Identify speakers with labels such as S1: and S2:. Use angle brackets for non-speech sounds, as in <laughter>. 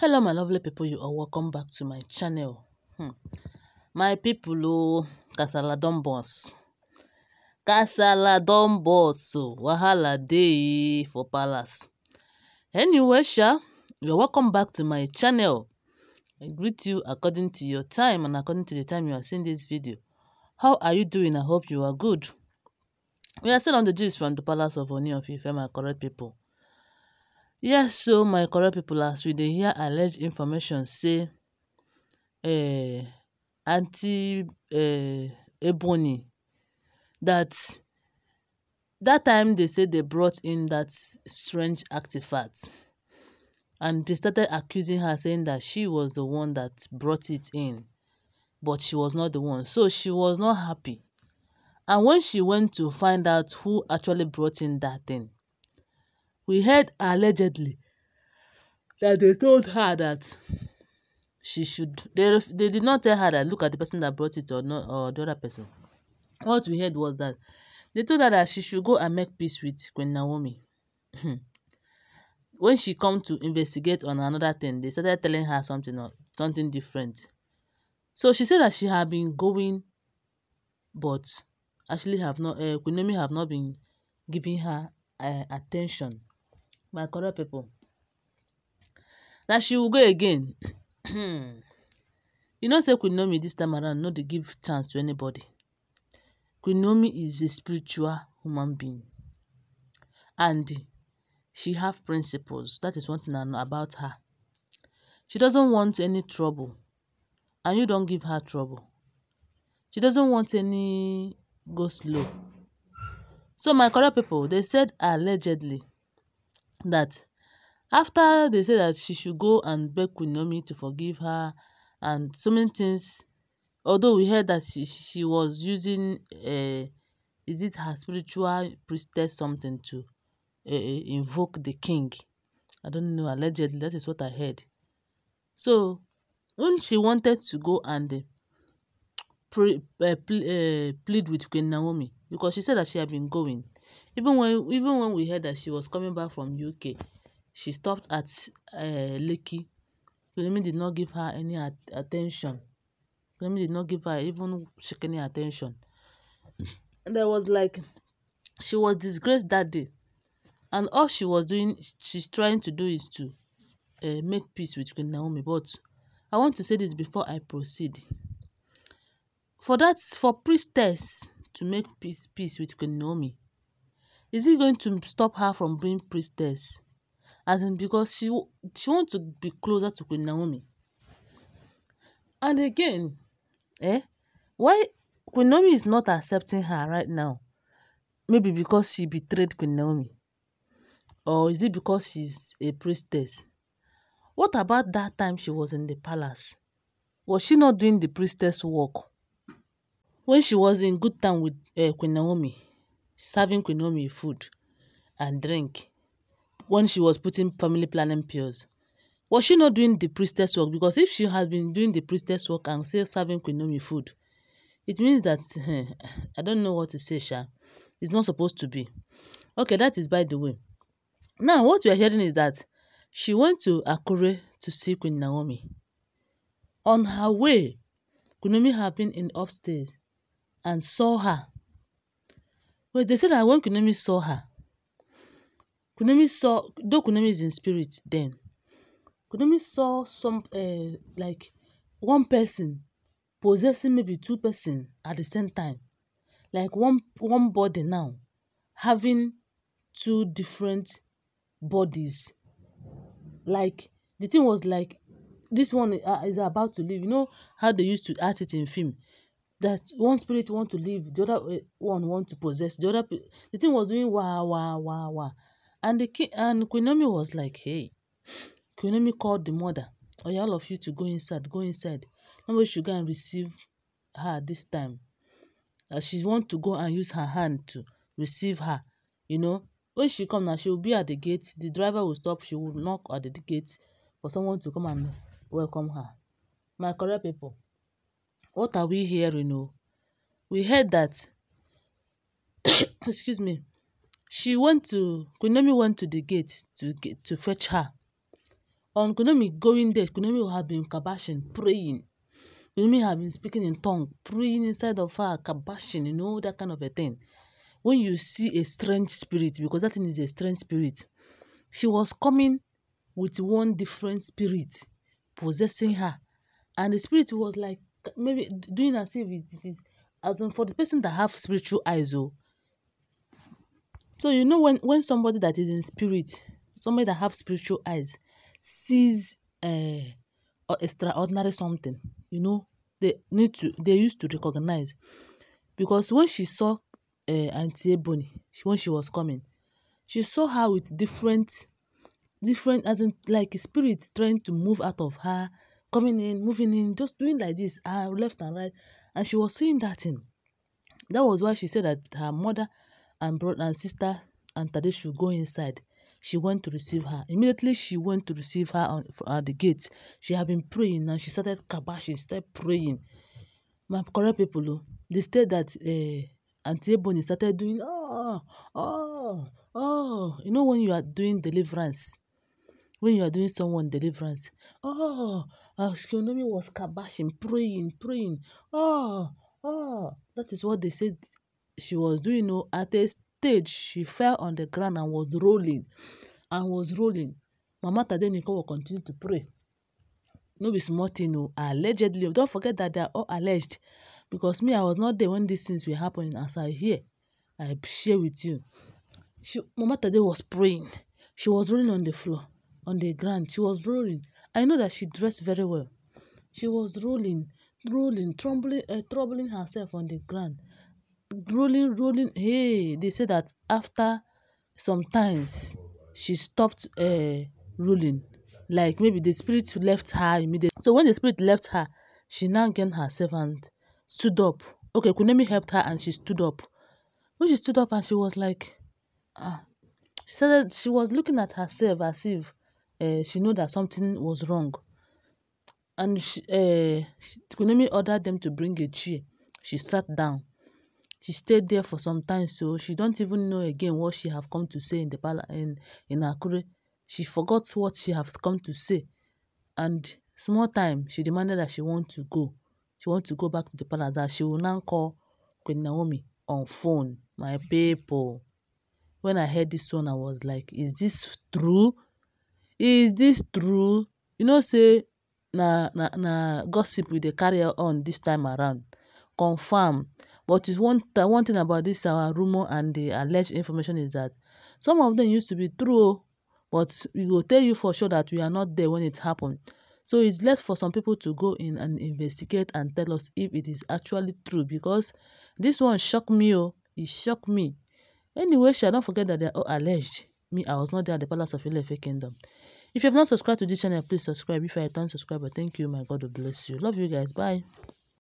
S1: hello my lovely people you are welcome back to my channel hmm. my people oh kasala don burst kasala don burst so oh, wahala dey for palace anyway sha you are welcome back to my channel i greet you according to your time and according to the time you are seeing this video how are you doing i hope you are good we are still on the gist from the palace of oni of ife my correct people Yes, so my correct people as we dey hear alleged information say um anti, um Ebony, that that time they say they brought in that strange artifact and they started accusing her saying that she was the one that brought it in but she was not the one so she was not happy and when she went to find out who actually brought in that thing we heard allegedly that they told her that she should they, they did not tell her that look at the person that brought it or not or the other person what we heard was that they told her that she should go and make peace with queen naomi <clears throat> when she come to investigate on another thing they started telling her something or something different so she said that she had been going but actually have not uh, queen naomi have not been giving her uh, attention my correct people na she will go again <clears throat> you know say queen nomi this time around no dey give chance to anybody queen nomi is a spiritual human being and she have principles that is one thing i know about her she doesn't want any trouble and you don give her trouble she doesn't want any go slow so my correct people they said allegedly that after they said that she should go and beg Queen Naomi to forgive her and so many things. Although we heard that she, she was using, uh, is it her spiritual priestess something to uh, invoke the king? I don't know, allegedly, that is what I heard. So, when she wanted to go and uh, pre, uh, ple, uh, plead with Queen Naomi, because she said that she had been going. Even when even when we heard that she was coming back from UK, she stopped at uh, Lekki. Pelumi did not give her any at attention. Pelumi did not give her even any attention. And there was like, she was disgraced that day. And all she was doing, she's trying to do is to uh, make peace with Queen Naomi. But I want to say this before I proceed. For that, for priestess to make peace, peace with Naomi. Is it going to stop her from being priestess? As in because she, she wants to be closer to Queen Naomi. And again, eh, why Queen Naomi is not accepting her right now? Maybe because she betrayed Queen Naomi. Or is it because she's a priestess? What about that time she was in the palace? Was she not doing the priestess work? when she was in good time with uh, Queen Naomi, serving Queen Naomi food and drink, when she was putting family planning pills, was she not doing the priestess work? Because if she had been doing the priestess work and still serving Queen Naomi food, it means that, <laughs> I don't know what to say, Sha. It's not supposed to be. Okay, that is by the way. Now, what we are hearing is that she went to Akure to see Queen Naomi. On her way, Queen Naomi had been in upstairs and saw her. Well, they said that when Kunemi saw her, Kunemi saw, though Kunemi is in spirit then, Kunemi saw some, uh, like, one person possessing maybe two person at the same time. Like one, one body now, having two different bodies. Like, the thing was like, this one uh, is about to leave. You know how they used to act it in film? that one spirit want to live, the other eh, one want to possess the other the thing was doing wah wah wah wah and the king and Queen Naomi was like hey Queen Naomi called the mother oya oh, all of you to go inside go inside nobody should go and receive her this time uh, she want to go and use her hand to receive her you know when she come now she will be at the gate the driver will stop she will knock at the gate for someone to come and welcome her my correct people What are we hearing? Oh, we heard that. <coughs> excuse me. She went to Kunomi went to the gate to get to fetch her. On Kunomi going there, Kunomi had been kabashing, praying. Kunomi had been speaking in tongue, praying inside of her, kabashing, you know, that kind of a thing. When you see a strange spirit, because that thing is a strange spirit, she was coming with one different spirit possessing her. And the spirit was like, maybe doing as if it is as in for the person that have spiritual eyes oh so you know when when somebody that is in spirit somebody that have spiritual eyes sees uh, or extraordinary something you know they need to they used to recognize because when she saw uh, eh, auntie ebony she, when she was coming she saw her with different different as in like spirit trying to move out of her coming in, moving in, just doing like this, uh, left and right. And she was seeing that thing. That was why she said that her mother and brother and sister and Tade should go inside. She went to receive her. Immediately she went to receive her on, at the gate. She had been praying and she started kabashing, started praying. My correct people, oh, they said that uh, eh, Auntie Ebony started doing, oh, oh, oh. You know when you are doing deliverance, when you are doing someone deliverance. Oh, Astronomy was kabashing, praying, praying. Oh, oh, that is what they said she was doing. You know, at a stage, she fell on the ground and was rolling, and was rolling. Mama Tadeniko will continue to pray. No be small thing, no. Oh, allegedly, don't forget that they are all alleged, because me, I was not there when these things were happening. As I hear, I share with you. She, Mama Tade was praying. She was rolling on the floor. on the ground. She was rolling. I know that she dressed very well. She was rolling, rolling, tumbling, uh, eh, troubling herself on the ground. Rolling, rolling. Hey, they say that after sometimes she stopped uh, rolling. Like maybe the spirit left her immediately. So when the spirit left her, she now gained herself and stood up. Okay, Kunemi helped her and she stood up. When she stood up and she was like, ah. She said that she was looking at herself as if uh, she knew that something was wrong. And she, uh, eh, Kunomi ordered them to bring a chair. She sat down. She stayed there for some time, so she don't even know again what she have come to say in the palace in, in Akure. She forgot what she has come to say. And small time, she demanded that she want to go. She want to go back to the palace, that she will now call Queen Naomi on phone. My people. When I heard this one, I was like, is this true? is this true? You know say na na na gossip we dey carry on this time around. Confirm. But it's one, one thing about this our rumor and the alleged information is that some of them used to be true, but we will tell you for sure that we are not there when it happened. So it's left for some people to go in and investigate and tell us if it is actually true because this one shocked me. Oh, it shocked me. Anyway, shall don't forget that they are all alleged. Me, I was not there at the Palace of Ilefe Kingdom. If you have not subscribed to this channel, please subscribe. If you are a subscribe, subscriber, thank you. My God will bless you. Love you guys. Bye.